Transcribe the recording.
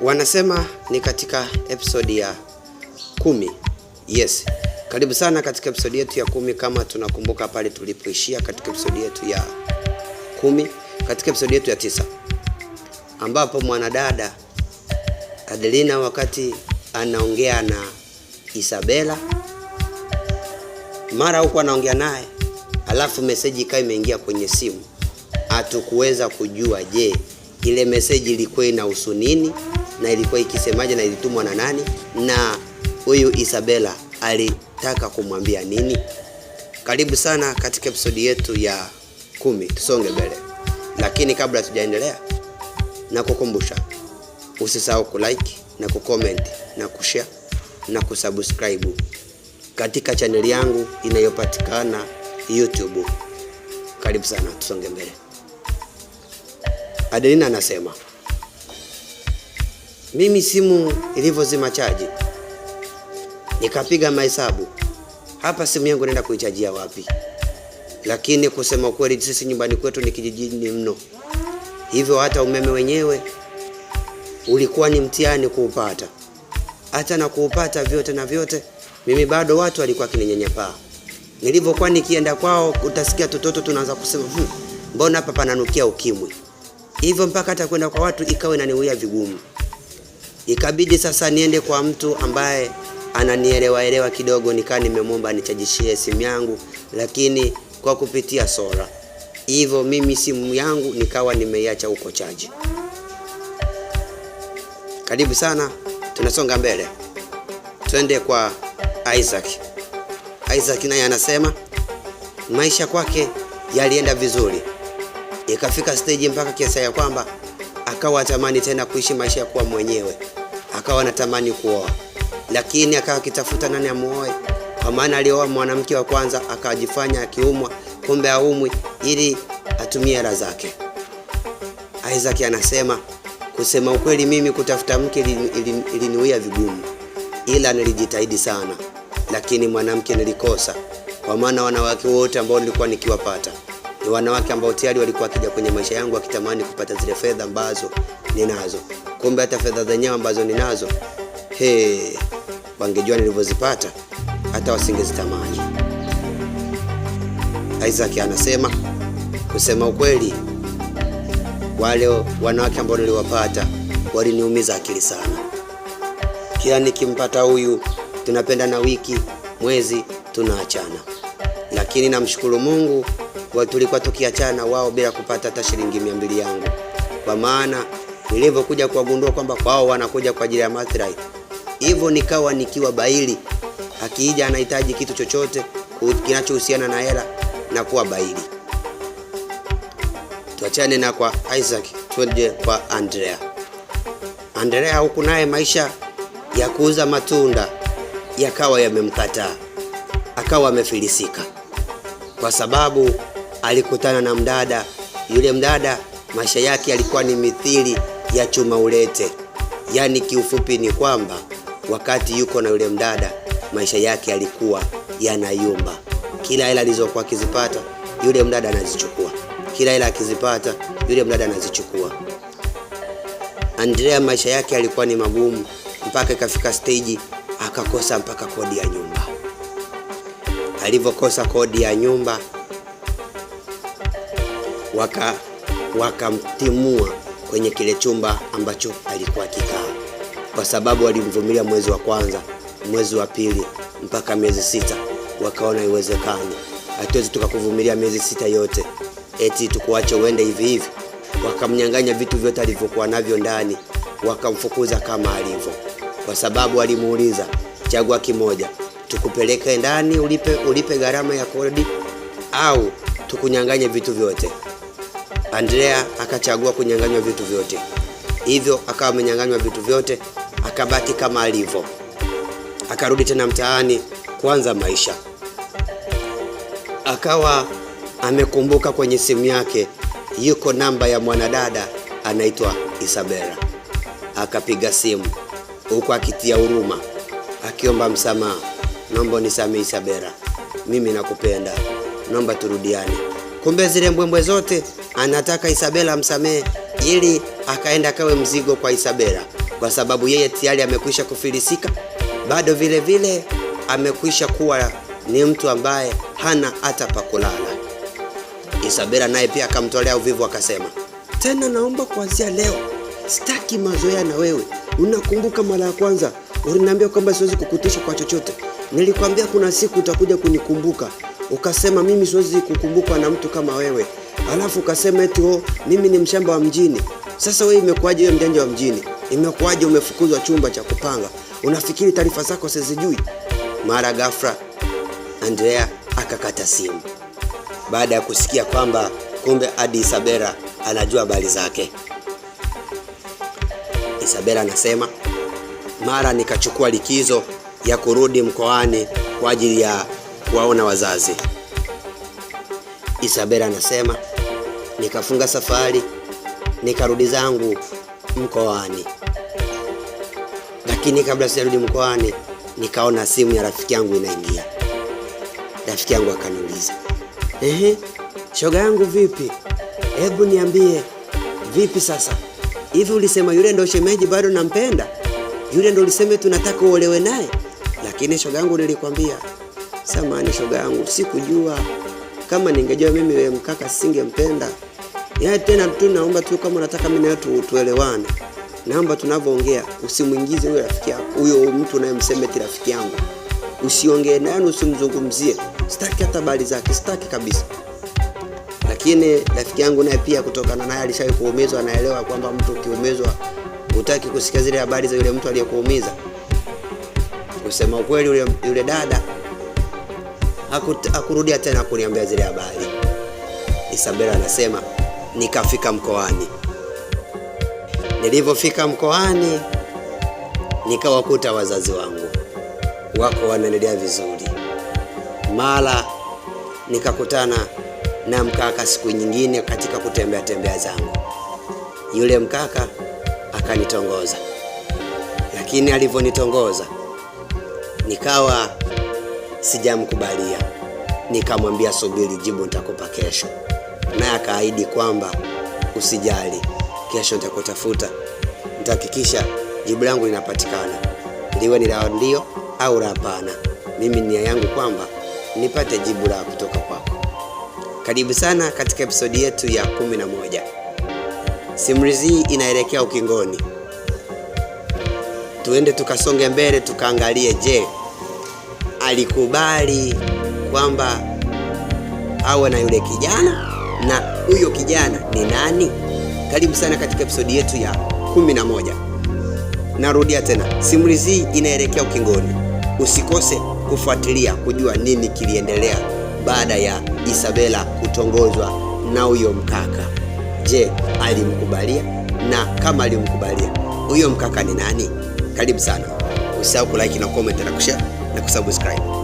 wanasema ni katika episodi ya kumi. Yes, karibu sana katika episodi yetu ya kumi. Kama tunakumbuka pale tulipoishia katika episodi yetu ya kumi, katika episodi yetu ya tisa, ambapo mwanadada Adelina wakati anaongea na Isabela, mara huku anaongea naye, alafu meseji ikawa imeingia kwenye simu, hatukuweza kujua je ile meseji ilikuwa inahusu nini na ilikuwa ikisemaje na ilitumwa na nani, na huyu Isabela alitaka kumwambia nini. Karibu sana katika episodi yetu ya kumi, tusonge mbele. Lakini kabla tujaendelea, na kukumbusha usisahau kulike na kucomment na kushare na kusubscribe katika chaneli yangu inayopatikana YouTube. Karibu sana, tusonge mbele. Adelina anasema mimi simu ilivyozima chaji, nikapiga mahesabu, hapa simu yangu naenda kuichajia wapi? Lakini kusema kweli, sisi nyumbani kwetu ni kijijini mno, hivyo hata umeme wenyewe ulikuwa ni mtihani kuupata. Hata na kuupata vyote na vyote, mimi bado watu walikuwa akininyenyapaa. Nilivyokuwa nikienda kwao, utasikia tototo tunaanza kusema hm, mbona hapa pananukia ukimwi? Hivyo mpaka hata kwenda kwa watu ikawa inaniwia vigumu. Ikabidi sasa niende kwa mtu ambaye ananielewaelewa kidogo, nikaa nimemwomba nichajishie simu yangu, lakini kwa kupitia sora Hivyo mimi simu yangu nikawa nimeiacha huko chaji. Karibu sana, tunasonga mbele, twende kwa Isaac. Isaac naye anasema maisha kwake yalienda vizuri, ikafika stage mpaka kiasi ya kwamba akawa atamani tena kuishi maisha ya kuwa mwenyewe akawa anatamani kuoa, lakini akawa akitafuta nani amuoe, kwa maana alioa mwanamke wa kwanza akajifanya akiumwa, kumbe aumwi, ili atumie hela zake. Isaac anasema kusema ukweli, mimi kutafuta mke iliniwia vigumu, ila nilijitahidi sana, lakini mwanamke nilikosa, kwa maana wanawake wote ambao nilikuwa nikiwapata ni wanawake ambao tayari walikuwa wakija kwenye maisha yangu wakitamani kupata zile fedha ambazo ninazo. Kumbe hata fedha zenyewe ambazo ninazo he, wangejua nilivyozipata hata wasingezitamani. Isaac anasema kusema ukweli, wale wanawake ambao niliwapata waliniumiza akili sana. Kila nikimpata huyu, tunapenda na wiki mwezi tunaachana, lakini namshukuru Mungu, tulikuwa tukiachana wao bila kupata hata shilingi mia mbili yangu, kwa maana nilivyokuja kuwagundua kwamba kwao wanakuja kwa ajili ya maslahi, hivyo nikawa nikiwa baili, akija anahitaji kitu chochote kinachohusiana na hela na kuwa baili. Tuachane na kwa Isaac, tuende kwa Andrea. Andrea huku naye maisha ya kuuza matunda yakawa yamemkataa, akawa amefilisika kwa sababu alikutana na mdada. Yule mdada maisha yake yalikuwa ni mithili ya chuma ulete. Yaani kiufupi ni kwamba wakati yuko na yule mdada, maisha yake yalikuwa yanayumba. Kila hela alizokuwa akizipata yule mdada anazichukua, kila hela akizipata yule mdada anazichukua. Andrea maisha yake yalikuwa ni magumu, mpaka ikafika stage akakosa mpaka kodi ya nyumba. Alivyokosa kodi ya nyumba, wakamtimua kwenye kile chumba ambacho alikuwa akikaa, kwa sababu alimvumilia mwezi wa kwanza, mwezi wa pili mpaka miezi sita, wakaona iwezekani, hatuwezi tukakuvumilia miezi sita yote eti tukuache uende hivi hivi. Wakamnyang'anya vitu vyote alivyokuwa navyo ndani, wakamfukuza kama alivyo, kwa sababu alimuuliza, chagua kimoja, tukupeleke ndani ulipe, ulipe gharama ya kodi au tukunyang'anye vitu vyote. Andrea akachagua kunyang'anywa vitu vyote, hivyo akawa amenyang'anywa vitu vyote, akabaki kama alivyo, akarudi tena mtaani kuanza maisha. Akawa amekumbuka kwenye simu yake yuko namba ya mwanadada anaitwa Isabella, akapiga simu huku akitia huruma, akiomba msamaha, naomba nisamehe Isabella, mimi nakupenda, naomba turudiane. Kumbe zile mbwembwe zote anataka Isabela amsamehe ili akaenda kawe mzigo kwa Isabela, kwa sababu yeye tayari amekwisha kufilisika, bado vile vile amekwisha kuwa ni mtu ambaye hana hata pa kulala. Isabela naye pia akamtolea uvivu, akasema tena, naomba kuanzia leo sitaki mazoea na wewe. Unakumbuka mara ya kwanza uliniambia kwamba siwezi kukutisha kwa chochote? Nilikwambia kuna siku utakuja kunikumbuka, ukasema mimi siwezi kukumbukwa na mtu kama wewe alafu ukasema eti oh, mimi ni mshamba wa mjini. Sasa wewe imekuwaje? Wewe mjanja wa mjini imekuwaje? Umefukuzwa chumba cha kupanga, unafikiri taarifa zako sizijui? Mara ghafla Andrea akakata simu baada ya kusikia kwamba kumbe adi Isabela anajua habari zake. Isabela anasema mara nikachukua likizo ya kurudi mkoani kwa ajili ya kuwaona wazazi. Isabela anasema nikafunga safari nikarudi zangu mkoani, lakini kabla sijarudi mkoani nikaona simu ya rafiki yangu inaingia. Rafiki yangu akaniuliza, ehe, shoga yangu vipi? Hebu niambie vipi sasa hivi, ulisema yule ndo shemeji, bado nampenda yule, ndo uliseme tunataka uolewe naye, lakini shoga yangu nilikwambia. Samani shoga yangu, sikujua kama ningejua mimi wewe mkaka singempenda. Yeye yaani tena tu, naomba tu kama unataka mimi na wewe tuelewane. Naomba tunavyoongea usimuingize huyo rafiki yako. Huyo mtu unayemsema ti rafiki yangu. Usiongee naye, yaani usimzungumzie. Sitaki hata habari zake, sitaki kabisa. Lakini rafiki yangu naye pia kutokana naye alishawahi kuumizwa, anaelewa kwamba mtu ukiumizwa hutaki kusikia zile habari za yule mtu aliyekuumiza. Kusema ukweli, yule, yule dada hakurudia tena kuniambia zile habari. Isabela anasema nikafika mkoani. Nilivyofika mkoani, nikawakuta wazazi wangu wako wanaendelea vizuri. Mara nikakutana na mkaka siku nyingine katika kutembea tembea zangu, yule mkaka akanitongoza, lakini alivyonitongoza nikawa Sijamkubalia, nikamwambia subiri, jibu nitakupa kesho, naye akaahidi kwamba usijali, kesho nitakutafuta, nitahakikisha jibu langu linapatikana, liwe ni la ndio au la hapana. Mimi nia yangu kwamba nipate jibu la kutoka kwako. Karibu sana katika episodi yetu ya kumi na moja. Simulizi inaelekea ukingoni, tuende tukasonge mbele, tukaangalie je alikubali kwamba awe na yule kijana, na huyo kijana ni nani? Karibu sana katika episodi yetu ya 11. Narudia tena, simulizi hii inaelekea ukingoni. Usikose kufuatilia kujua nini kiliendelea baada ya Isabela kutongozwa na huyo mkaka. Je, alimkubalia? Na kama alimkubalia, huyo mkaka ni nani? Karibu sana, usahau kulike na comment na kushare. na kusubscribe.